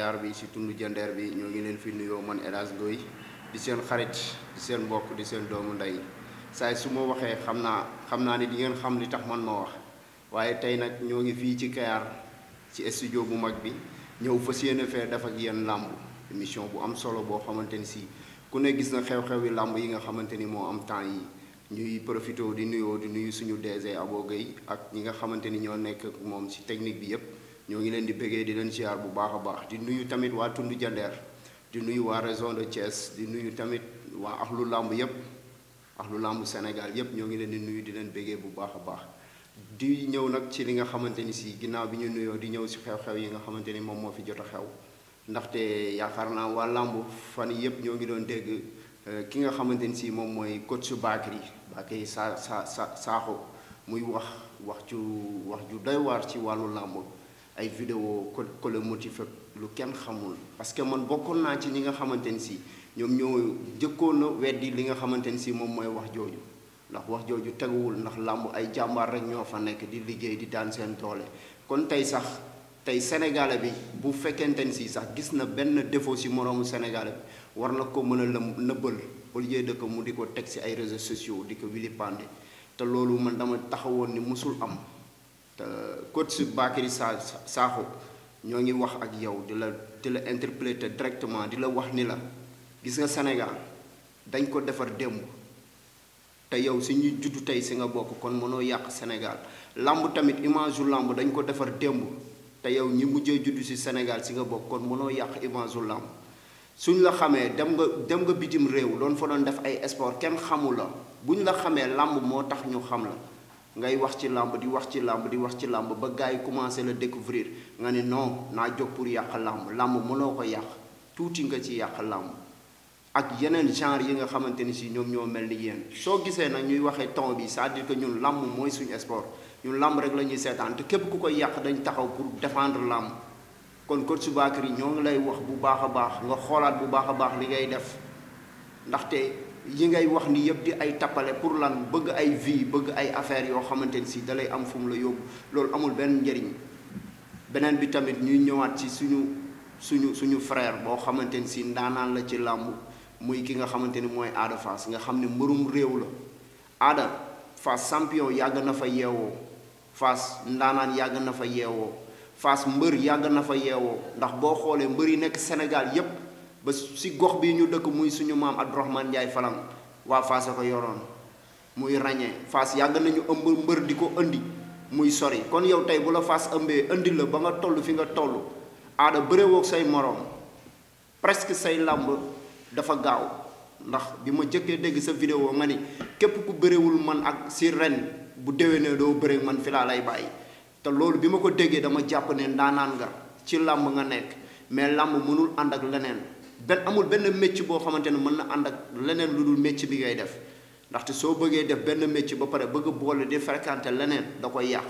Kayar bi ci tund jëndeer bi ñoo ngi leen fi nuyoo man El Hadj Ndoye di seen xarit di seen mbokk di seen doomu ndey saay su ma waxee xam naa xam naa ni di ngeen xam li tax man ma wax waaye tey nag ñoo ngi fii ci Kayar ci studio bu mag bi ñëw fas yéene fee def ak yéen làmb émission bu am solo boo xamante ni si ku ne gis na xew-xew yi làmb yi nga xamante ni moo am temps yi ñuy profité di nuyoo di nuyu suñu DG Abo Gueye ak ñi nga xamante ni ñoo nekk moom ci technique bi yépp ñoo ngi leen di bëggee di leen ziar bu baax a baax di nuyu tamit waa tund jandeer di nuyu waa région de Thiès di nuyu tamit waa axlu làmb yépp axlu làmb Sénégal yépp ñoo ngi leen di nuyu di leen bëggee bu baax a baax di ñëw nag ci li nga xamante ni si ginnaaw bi ñu nuyoo di ñëw si xew-xew yi nga xamante ni moom moo fi jot a xew ndaxte yaakaar naa waa làmb fan yépp ñoo ngi doon dégg euh, ki nga xamante ni si moom mooy coach Bakary Bakary sa sa sa saaxo muy wax wax ju wax ju doy waar ci wàllu làmb ay vidéo ko ko le motif lu kenn xamul parce que man bokkoon naa ci ñi nga xamante ni si ñoom ñoo jëkkoon na weddi li nga xamante ni si moom mooy wax jooju ndax wax jooju teguwul ndax làmb ay jàmbaar rek ñoo fa nekk di liggéey di daan seen toole kon tey sax tey sénégalais bi bu fekkente ni si sax gis na benn défaut si moroomu sénégalais bi war na ko mën a lëm nëbbal au lieu de que mu di ko teg si ay réseaux sociaux di ko wilipande te loolu man dama taxawoon ni musul am te euh, coach Bakary Sa Sakho ñoo ngi wax ak yow di la di la interpellé directement di la wax ni la gis nga Sénégal dañ ko defar démb te yow si ñuy juddu tey si nga bokk mënoo yàq Sénégal làmb tamit image làmb dañ ko defar démb te yow ñi mujjee juddu si Sénégal si nga bokk kon mënoo yàq image u làmb suñ la xamee dem nga dem nga bitim réew doon fa def ay sport kenn xamu la bu buñ la xamee làmb moo tax ñu xam la ngay wax ci làmb di wax ci làmb di wax ci làmb ba gars yi commencé la découvrir nga ne non naa jóg pour yàq làmb làmb mënoo ko yàq tuuti nga ci yàq làmb ak yeneen genre yi nga xamante ni si ñoom ñoo mel ni yéen soo gisee nag ñuy waxee temps bi c'est-à-dire que ñun làmb mooy suñu sport ñun làmb rek la ñuy seetaan te képp ku koy yàq dañ taxaw pour défendre làmb kon coach Bakary ñoo ngi lay wax bu baax a baax nga xoolaat bu baax a baax li ngay def ndaxte yi ngay wax ni yëpp di ay tappale pour lan bëgg ay vie bëgg ay affaire yoo xamante ni si dalay am fu la amul ben njëriñ beneen bi tamit ñuy ñëwaat ci suñu suñu suñu frère boo xamante ni si ndaanaan la ci làmb muy ki nga xamante ni mooy aada nga xam ne réew la aada Fass champion na fa yewo fas ndaanaan yàgg na fa yewo fas mur yàgg na fa yewo ndax boo xoolee mbër yi nekk Sénégal ba si gox bi ñu dëkk muy suñu maam abdourahman njaay falam waa faase ko yoroon muy ràññee faas yàgg nañu ëmb mbër di ko andi muy sori kon yow tey bu la faas ëmbee andi la ba nga toll fi nga toll aada bëréwoog say moroom presque say làmb dafa gaaw ndax bi ma jëkkee dégg sa vidéo nga ni képp ku bëréwul man ak si ren bu déwénee doo bëre man fi laa lay bàyyi te loolu bi ma ko déggee dama jàpp ne ndaanaan nga ci làmb nga nekk mais làmb mënul ànd ak leneen ben amul ben métier boo xamante ne mën na ànd ak leneen lu dul métier bi ngay def ndaxte soo bëggee def benn métier ba pare bëgg boole di fréquenter leneen da koy yàq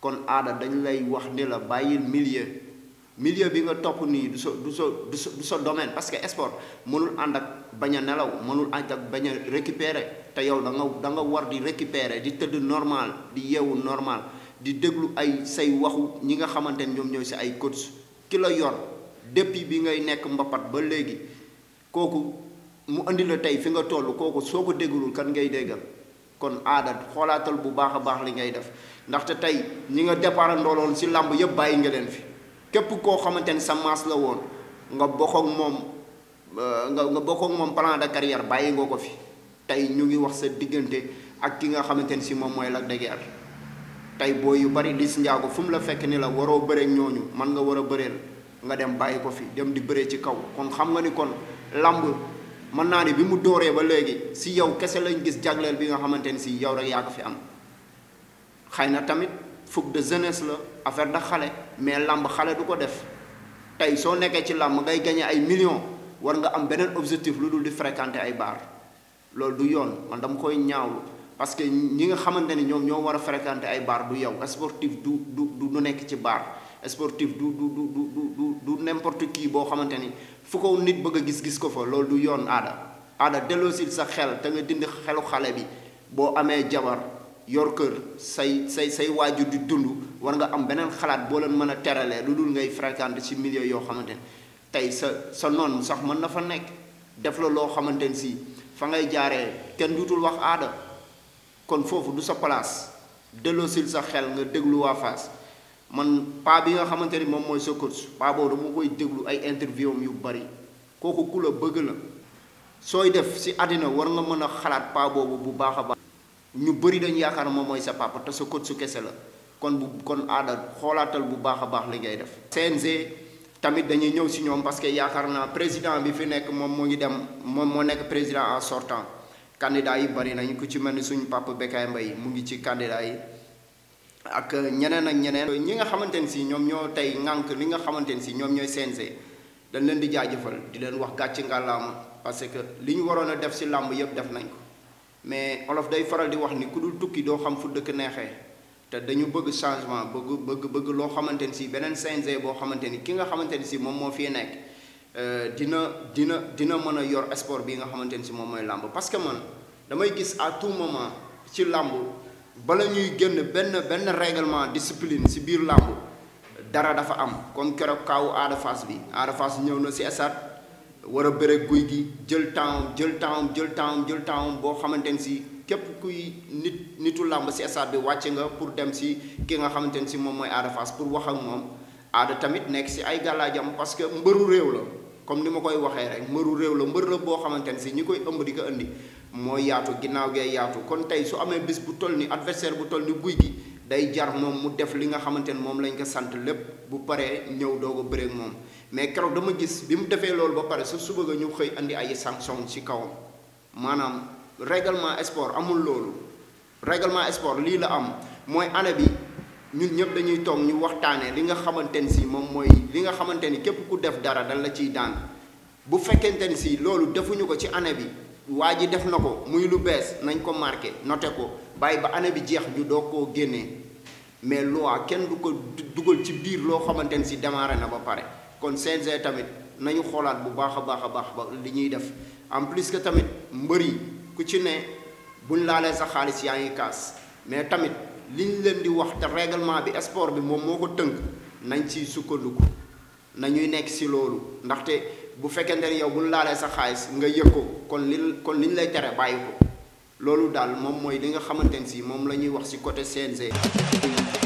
kon aada dañ lay wax ni la bàyyil milieu milieu bi nga topp nii du sa du sa du sa du sa domaine parce que sport mënul ànd ak bañ a nelaw mënul ànd ak bañ a récupérer te yow da nga da nga war di récupérer di tëdd normal di yeewu normal di déglu ay say waxu ñi nga xamante ne ñoom ñooy si ay coach ki la yor depuis bi ngay nek mbapat ba léegi kooku mu andi la tay fi nga toll kooku soo ko kan ngay kon adat xoolaatal bu baax a baax li ngay def ndaxte tey ñi nga départ ndooloon si làmb nga fi képp koo xamante ni sa maas la woon nga bokk ak moom euh, nga nga bokk ak moom plan de carrière bàyyi nga ko fi tay ñu ngi wax sa diggante ak ki nga xamante ni si moom mooy Lac de Guiers yu bari Liss Ndiago fu la fekk ni la waroo bëreeg ñooñu man nga bëreel nga dem bàyyi ko fi dem di bëree ci kaw kon xam nga ni kon làmb mën naa ni bi mu dooree ba léegi si yow kese lañ gis jagleel bi nga xamante ni si yow rek yaa ko fi am xëy na tamit fougue de jeunesse la affaire da xale mais làmb xale du ko def tey soo nekkee ci làmb ngay gañe ay millions war nga am beneen objectif lu dul di fréquenter ay baar loolu du yoon man dama koy ñaaw parce que ñi nga xamante ni ñoom ñoo war a fréquenter ay bar du yow sportif du du du nekk ci bar sportif du du du du du du n'importe qui boo xamante fu ko nit bëgg gis gis ko fa loolu du yoon ada, ada delosil sa xel te nga dindi xelu xale bi boo amee jabar yor kër say say say waajur di dund war nga am beneen xalaat boo leen mën a teralee lu dul ngay fréquente ci milieu yoo xamante ni sa sa noon sax mën na fa nekk def la loo xamante ni si fa ngay jaaree kenn dutul wax kon foofu du sa place delosil sa xel nga déglu man pa bi nga xamante ni moom mooy sa coach pa dama koy ay interview am yu bari kooku ku la bëgg la def si adina war nga mana a xalaat pa bu baax a baax ñu bëri dañ yaakaar moom mooy sa papa te sa coach su la kon bu kon ada xoolaatal bu baax a baax li ngay def CNG tamit dañuy ñëw si ñoom parce que yaakaar naa président bi fi nekk moom moo ngi dem moom moo nekk président en sortant candidat yi bari nañ ku ci mel suñu papa Bekay mu ngi ci candidat yi ak ñeneen ak ñeneen. ñi nga xamante ne si ñoom ñoo tey ngànk li nga xamante ne si ñoom ñooy CNG dañ leen di jaajëfal di leen wax gàcce ngàllaama parce que li ñu waroon a def si làmb yëpp def nañ ko mais olof day faral di wax ni ku dul tukki doo xam fu dëkk neexee te dañu bëgg changement bëgg bëgg bëgg loo xamante ne si beneen CNG boo xamante ni ki nga xamante ne si moom moo fii nekk euh, dina dina dina mën a yor sport bi nga xamante ne si moom mooy làmb parce que man damay gis à tout moment ci làmb. bala ñuy génn benn benn règlement discipline si biir làmb dara dafa am kon keroog kaawu Ada bi Ada ñëw na ci esat war a bëre guy gi jël temps jël temps jël temps jël temps boo xamante ni ci képp kuy nit nitu làmb ci stade bi wàcce nga pour dem si ki nga xamante ni ci moom mooy Ada pour wax ak moom Ada tamit nekk si ay gàllaajam parce que mbëru réew la comme ni ma koy waxee rek mbëru réew la mbër la boo xamante ni ci ñi koy ëmb di ko indi moo yaatu ginnaaw gee yaatu kon tey su amee bis bu toll ni adversaire bu toll ni guy gi day jar moom mu def li nga xamante ne moom lañ ko sant lépp bu paree ñëw doog a bëreeg moom mais keroog dama gis bi mu defee loolu ba pare sa suba nga ñu xëy andi ay sanction ci kawam maanaam règlement sport amul loolu règlement sport lii la am mooy année bi ñun ñëpp dañuy toog ñu waxtaanee li nga xamante ni si moom mooy li nga xamante ni képp ku def dara dañ la ciy daan bu fekkente ni si loolu defuñu ko ci année bi waa ji def na ko muy lu bees nañ ko marqué noté ko bàyyi ba année bi jeex ñu doo koo génnee mais loi kenn du ko dugal ci biir loo xamante ne si démarré na ba pare kon CNG tamit nañu xoolaat bu baax a baax a baax ba li ñuy def en plus que tamit mbër yi ku ci ne buñ laalee sa xaalis yaa ngi kaas mais tamit liñ leen di wax te règlement bi sport bi moom moo ko tënk nañ ci sukkandiku. na ñuy nekk si loolu ndaxte bu fekkente ne yow bu ñu laalee sa xaalis nga yëg ko kon li kon li ñu lay tere bàyyi ko loolu daal moom mooy li nga xamante ne si moom la ñuy wax si côté CNG.